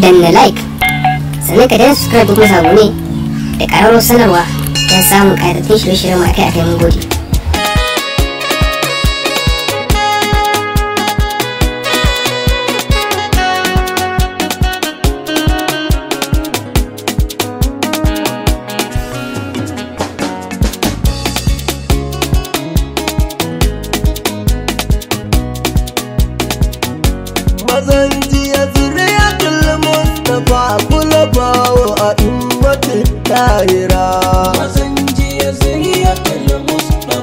danna like sannan ka dan subscribe kuma sabo ne da ƙararrawar sanarwa don samun karatun shirye-shiryen mu akai-akai mun gode lahira mazan jiya zuriyatul mustafa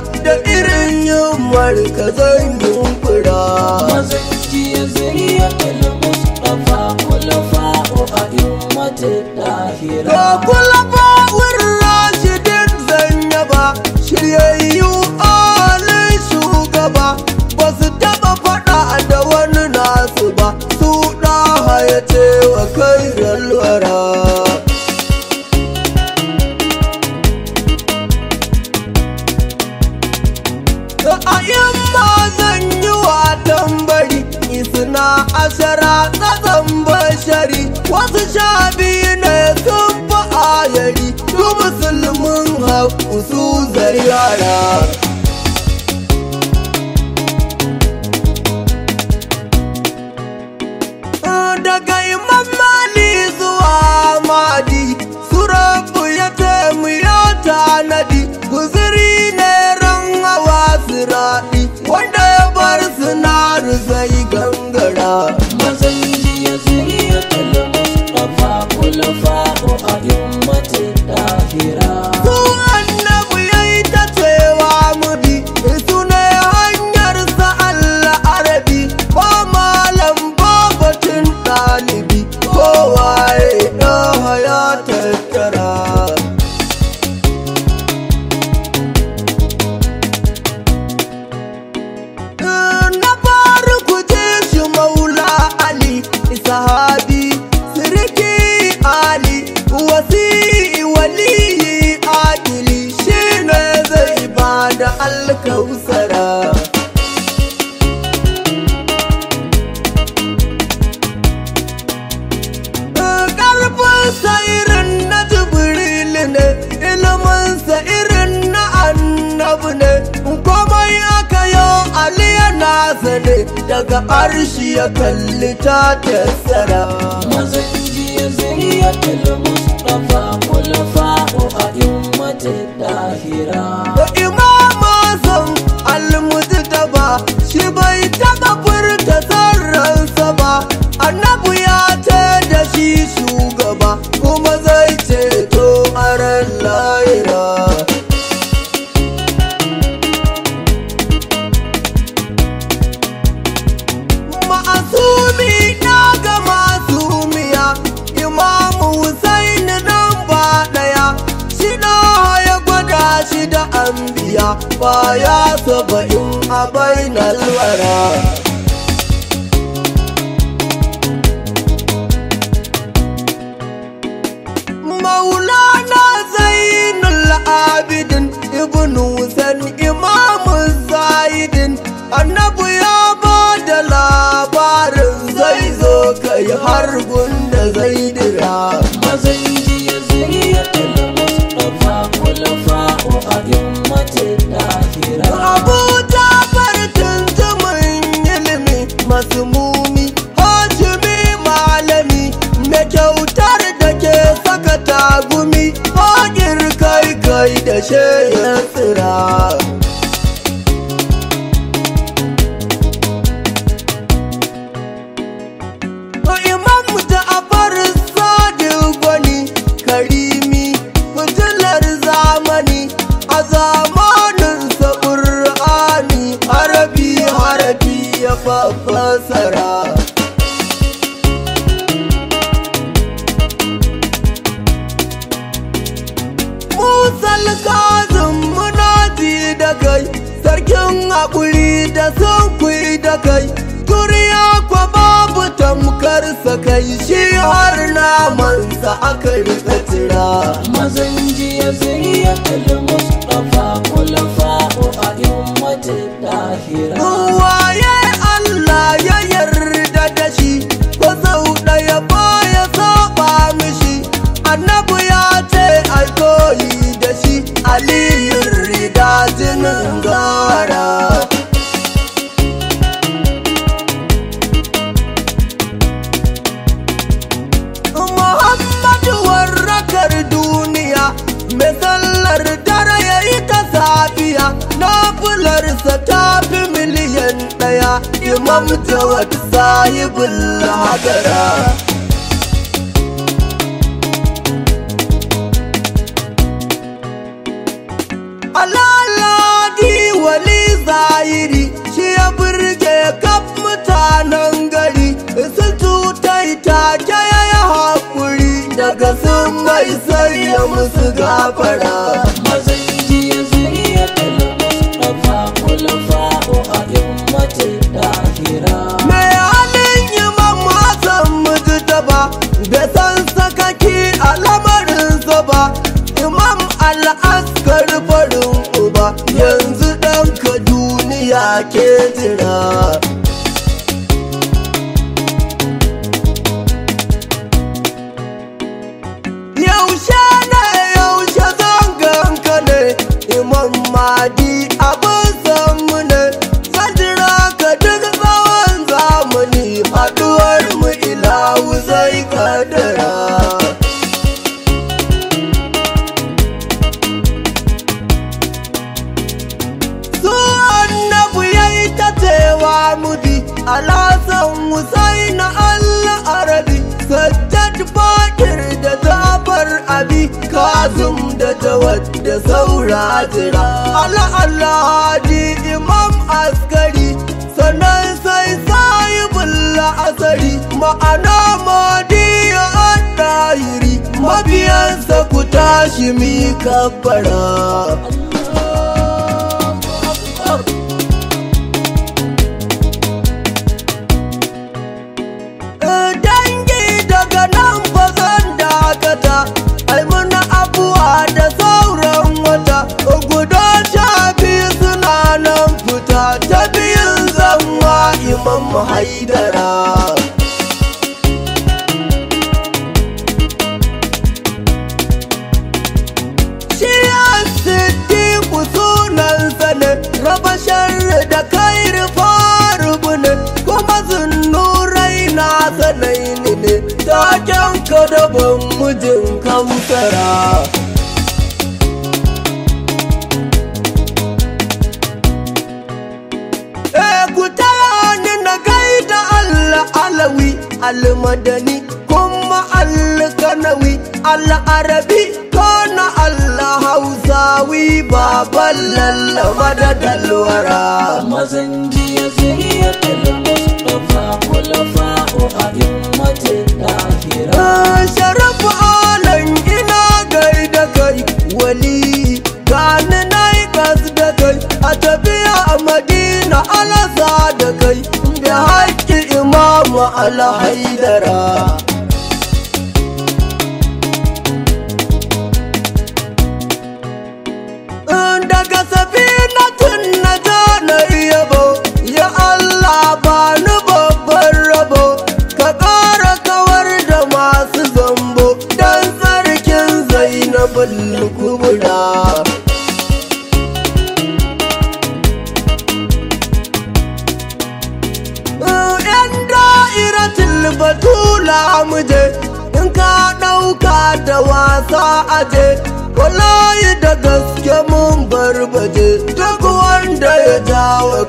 da irin yammar ka zan fura mazanci ya zuriya ilu mustafa kulafa a immatin tahira kulafa usu zariyara daga imam mali zuwa madi surabu ya taimu ya tanadi guziri ne ran hawa siraɗi wanda ya bar sinaru zai gangara matsayi sa irin na jibril ne iliminsa irin na annabi ne komai aka yo ali yana sane daga arshi ya kalli ta tassara mazan jiya zuriyatul mustafa kulfa a immatul dahira baya saba'in a maulana zainul abidin ibn wusan imamu zaidin anna 一点心意 kai Kuriya kwa babu tamkar sa kai shi har namansa aka rika tira mazan jiya zai ya kalmus Na'bularsa nafularsa ta fi miliyan ɗaya imam jawad sahibul hadara Alaladi wali zahiri shi ya burge kaf mutanen gari sun tutai take ya haƙuri daga sun mai sai ya musu gafara. askar farin uba yanzu ɗanka duniya ke jira ta wadda saura jira Allah alhaji imam askari sannan sai bulla asari ma'ana madiya ɗahiri mabiyansa ku tashi mi kabbara haidara kanawi Allah arabi kona Allah hausawi baban lallaba da dalwara zehi jiya zuriya mustafa kulafa Fahu, a immatin sharafu alan ina gai da kai wali Kane na yi da kai a tafiya a madina alasa da kai da haƙƙi imamu haidara. kubra batula muje in ka ɗauka da wasa aje wallahi da gaske mun barbaje duk wanda ya jawo